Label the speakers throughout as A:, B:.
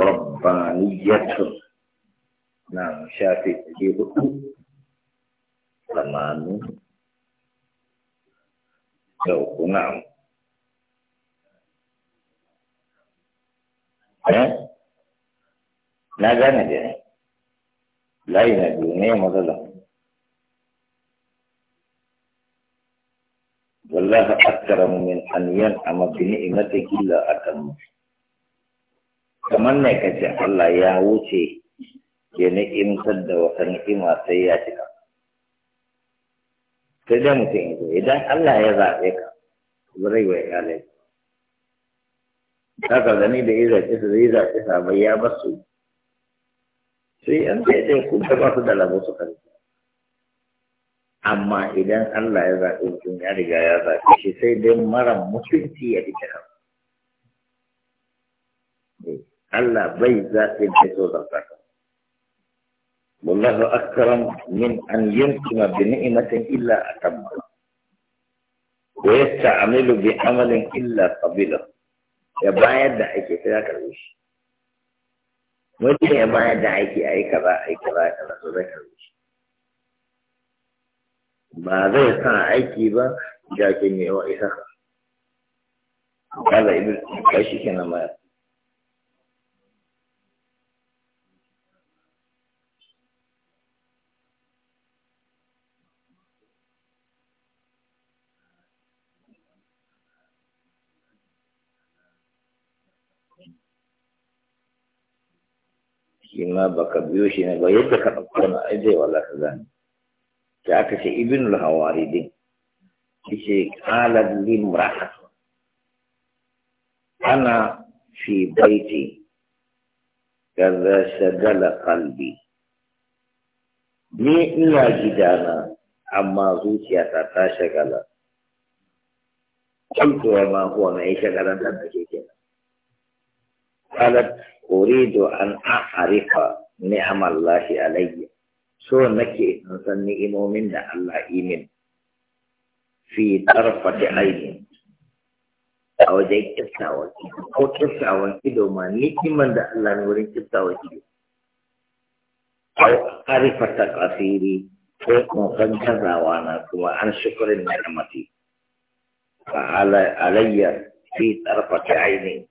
A: ربانية نعم شافي كيف ثمان سوق نعم na gane da ne layi na biyu ne matsala wallahi akthara min an yan'ama bi ni'matika a atamma kamar ne ka ce Allah ya wuce ya ni'imtar da wata ni'ima sai ya cika sai dai mutum ya zo idan Allah ya zaɓe ka zai wa iyalai haka gani da ya zaɓe su zai zaɓe sabai ya bar su sai an sai dai ku ba su da labo su karfi amma idan Allah ya zaɓe mutum ya riga ya zaɓe shi sai dai mara mutunci ya fi kira Allah bai zaɓi da so zartaka wallahu akram min an kuma bi ni'imatin illa a atamma
B: wa yasta'milu
A: bi amalin illa qabila ya bayar da aiki sai ya karbe shi mutum ya bayar da aiki a yi kaza a yi kaza a kaza zai karbe shi ba zai sa aiki ba jakin yawa isa ka kala ibi kashi kenan ma shi ma baka biyo shi ne ba yadda ka ɗauko na aje wala ka gani da aka ce ibn al-hawari din shi ce qalat limra ana fi baiti kaza shagala kalbi. ni ina gidana amma zuciyata ta shagala قلت وما na ما يشغل أنت keken. قالت اريد ان اعرف نعم الله علي سو نكي نصني امو منا الله ايمن في طرفة عين او جاي كتاوات او كتاوات كدو ما نيكي من ده الله نورين كتاوات او عرفة قصيري فوقن فنجزا وانا كما عن شكر النعمتي فعلي علي في طرفة عيني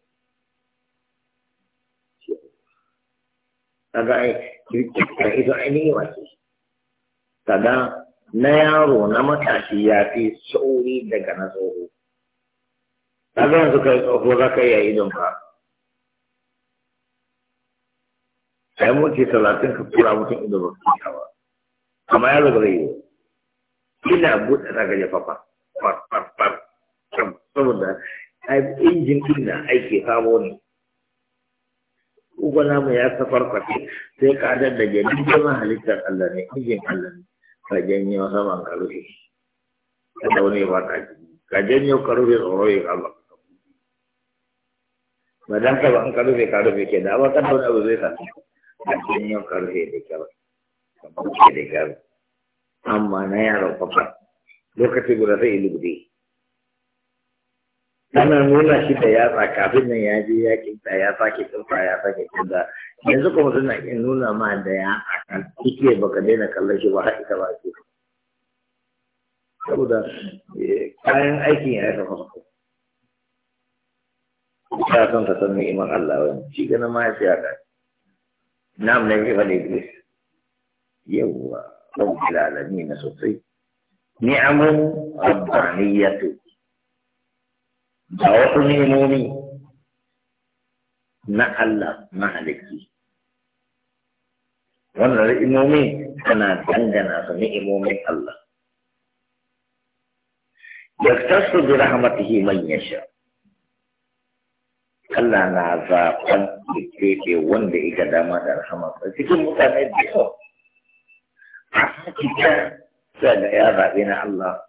A: kaga ai kirkita ita ainihi wace na yaro na matashi ya fi sauri daga na tsoro kaga yanzu kai tsoho za ka iya idon ka sai mutu talatin ka mutum ido ba ka ba amma yaro zai yi ina buɗe za ka je far far saboda na aiki sabo ne ugwana mu ya safar kwafi sai kadar da jani jama halittar Allah ne injin Allah ne ka janyo saman ka rufe ka daune ba ka ka janyo ka rufe tsoro ya kama ba dan ka ba an ka rufe ka rufe ke da ba ka daune abu zai sami ka janyo ka rufe da kyau ka buke da kyau amma na yaro fafa lokaci guda sai ilu gude ana nuna shi da yatsa kafin nan ya je ya kinta ya sake kinta ya sake kinta yanzu kuma suna iya nuna ma da ya kan kike baka daina kallon shi ba haka ita ba ce saboda eh, kayan aikin ya aika farko ta san ta san ni'imar Allah wani shi gana ma ya fiya da nam ne ke faɗi Idris yawwa lalami na sosai ni'amun rabbaniyatu da wasu nemomi na Allah mahalicci wannan ra'imomi tana dangana su ni'imomin Allah yaktasu bi rahmatihi man yasha Allah na zaɓan keɓe wanda ya dama da rahama cikin mutane da yawa a cikin sai da ya zaɓe na Allah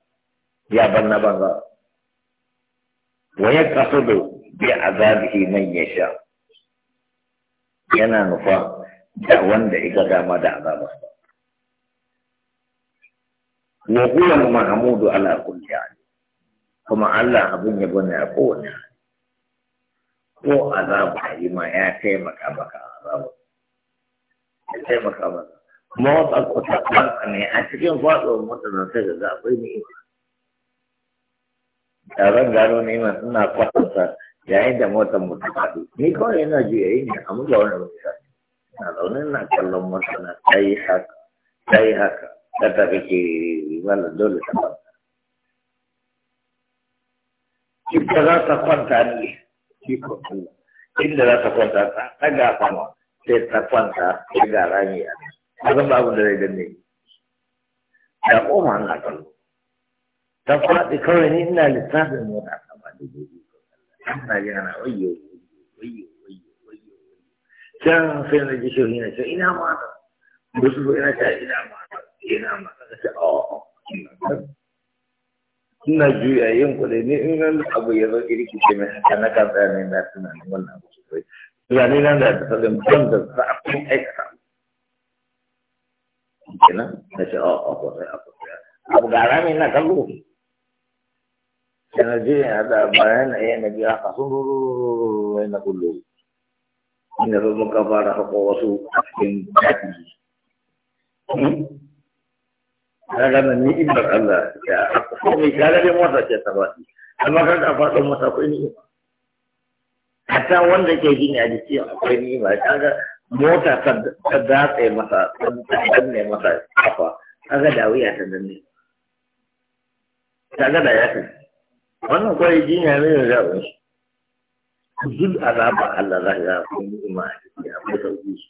A: ya bar na banza ويقصد بعذابه من يشاء yana nufa da wanda iga dama da azaba wa huwa mahmudu ala kulli hal kuma Allah abun ya gona a kowane ko azaba yi ma ya taimaka maka azaba ya taimaka maka ko ta kan ne a cikin faɗuwar mutanen sai ga akwai ni'ima da zan gano neman ina yayin da motar mu ni kawai yana a muga wani misali na zaune na motar na ta haka ta tafi ke wala dole ta kwanta
B: ita za ta
A: kwanta ne shi ko inda za ta kwanta ta ɗaga sama ta kwanta ta ga rami a nan. Azan ta faɗi kawai ni ina lissafin mota ta ba da gobe ana ji ana can sai na ji shohi ce ina ma da ina ta ina ma ina ma na ce ina juya yin kuɗi ne in ran abu ya zo ce mai haka na kan tsaya ne na tunanin wannan abu sosai tunani na da ta sadin ban da za a kun aikata kenan na ce abu ga rami na kallo yana je yana da bayan yana biya ka sun rurururu yana kullu inda sun muka fara hako wasu a cikin daji na hmm? gana ni ibar Allah ya ko mai galibin wata ce ta baɗi amma kan ka faɗin mata akwai ni hatta wanda ke gini a jiki akwai ni ta kaga mota ta datse masa ta danne masa kafa ta da wuya ta danne kaga da ya tafi wannan kawai jinya ne da zaɓin shi duk azaba Allah za ya kuma ni'ima a ciki akwai sauki shi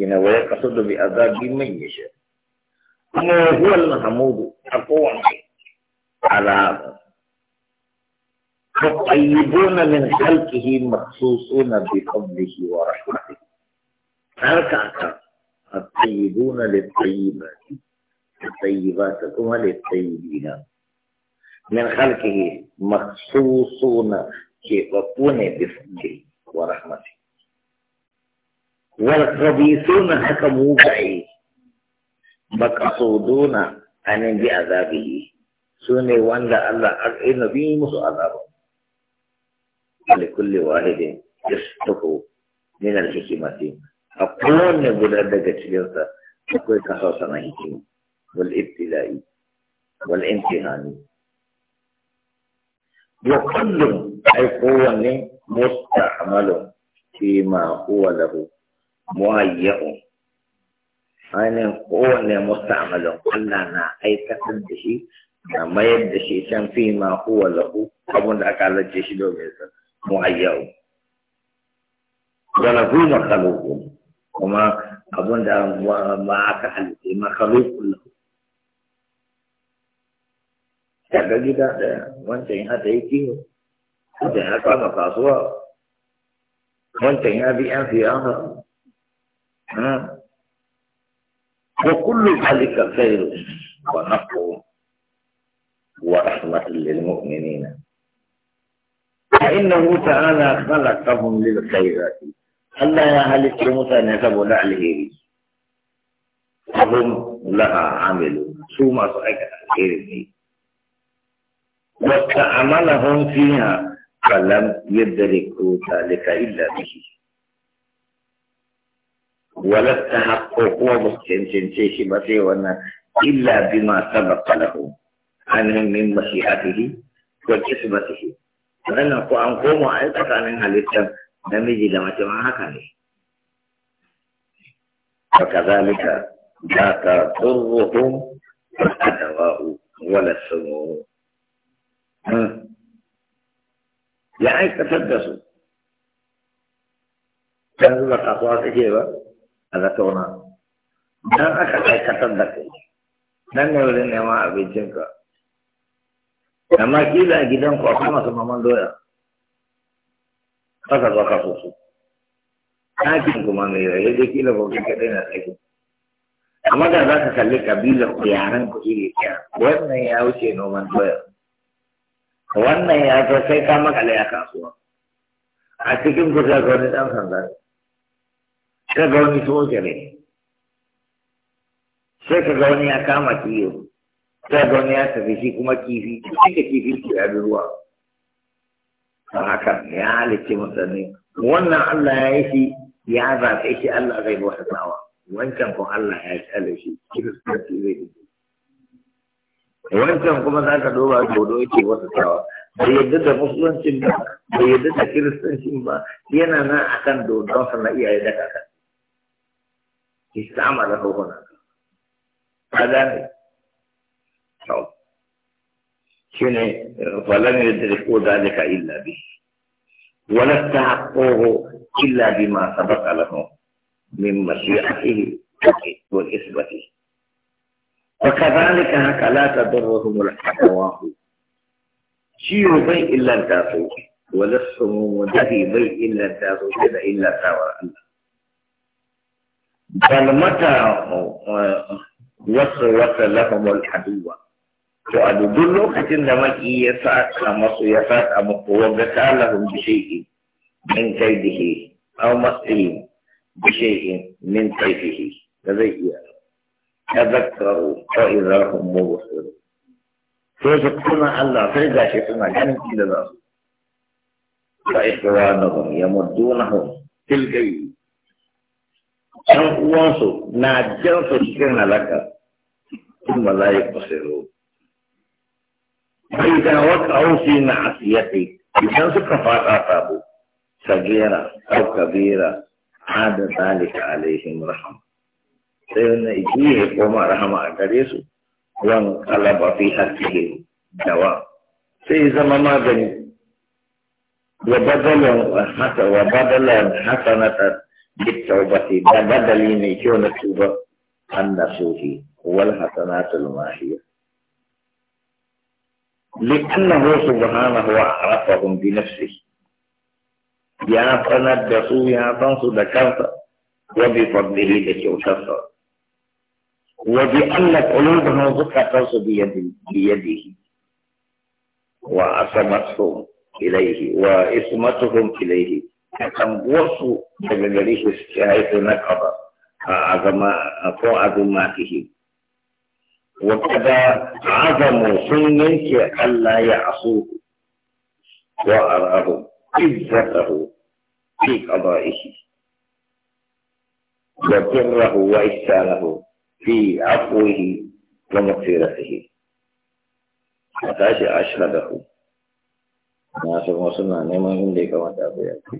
A: yana waya kasar da bi azabi man ya sha kuma huwa al-mahmudu a kowane ala فالطيبون من خلقه مخصوصون بفضله ورحمته هكذا الطيبون للطيبات الطيبات هم للطيبين من خلقه مخصوصون كيبقون بفضله ورحمته والخبيثون حكى موقعي مقصودون أن بعذابه سوني وأن الله أرئن به مسؤذر لكل واحد يصدق من الحكمة أقول بلادك تشيرتا أقول كحوصنا حكمة والابتلاء والامتحان وكل أي قوة مستعمل فيما هو له مهيئ ainihin kowanne mustamalin Allah na aikatar da shi na mayar da shi can fi ma huwa lahu abin da aka halarce shi domin sa muhayyau wala hu makaluku kuma abin da ma aka daga gida da wancan ya ta yi kiwo wancan ya kama kasuwa wancan ya bi yan siyasa wa kullu zalika khairu wa nafu wa rahmatul lil mu'minina fa innahu ta'ala khalaqahum lil khairati Allah ya halitta mutane saboda alheri Abun laha amilu su masu aikata alheri ne واستعملهم فيها فلم يدركوا ذلك إلا به ولا استحقوا مسكنشنشيش بسيونا إلا بما سبق له عن من مشيئته وجسمته فأنا أقوم أعيطك عن هالكتاب نمجي لما تمعها كالي فكذلك لا تضرهم الدواء ولا السموم ya aikatar da su kan zuba kasuwa suke ba a zatauna dan aka aikatar da kai dan ne wurin neman abincinka amma kila a gidan ku akwai masu maman doya kasa zuwa kaso su ɗakin kuma mai rayu da kila ba kuka kaɗai na tsakin amma da za ka kalli kabilar ku yaren ku iri ɗaya wannan ya wuce noman doya
B: wannan ya zo sai ka
A: makale a kasuwa a cikin ku sai ga wani ɗan sanda sai ga wani sojare sai ka ga wani ya kama kiyo sai ga wani ya tafi shi kuma kifi shi ka kifi ke ya ruwa a haka ya halicci mutane wannan Allah ya yi shi ya zaɓe shi Allah zai bautawa wancan kun Allah ya yi shi kiristanci zai yi wancan kuma za ka duba dodo yake wasu tawa ba yadda da musuluncin ba ba yadda da kiristancin ba yana nan akan dodonsa na iyaye da kaka istama da hukuna ka gane shi ne falon yadda da ko dalika illa bi wala ta haƙoho illa bi ma sabaka lahu min mashi'atihi wa isbatihi وكذلك هكا لا تضرهم الحواء شيء بي إلا التاسو وللسموم الذي بي إلا التاسو كذا إلا تاوى الله بل متى وسوس لهم العدو وأدو دلو كتن دمك إيساك مصو يساك أمك وقتالهم بشيء من كيده أو مصيهم بشيء من كيده لذي إياه تذكروا فإذا هم مبصرون فيذكرنا الله فإذا شفنا جنب إلى الأرض فإخوانهم يمدونهم في الجيد أنقوانسوا ناجلت شكرنا لك ثم لا يبصرون فإذا وقعوا في معصيتك إذا سكفات أصابوا صغيرة أو كبيرة عاد ذلك عليهم رحمه sai wannan iki ya koma rahama a gare su wan kalaba fi hakkihi dawa sai zama magani wa badalan hasa wa badalan hasanatan bitawbati da badali ne kyau na tuba an nasuhi wal hasanatul mahiyah لأنه سبحانه عرفهم بنفسه يا فند da يا فنسو دكرت وبفضله دكيو شفر
B: وبأن قلوبهم
A: زكاة بيده بيده وعصمتهم إليه وإسمتهم إليه كان وصوا تجريه حيث نقض عظماته وكذا عظموا سنك ألا يعصوه وأراه عزته في قضائه وبره وإحسانه في عفوه ومغفرته a tashi a shiradahu na su kuma suna neman inda ya kamata ku yanki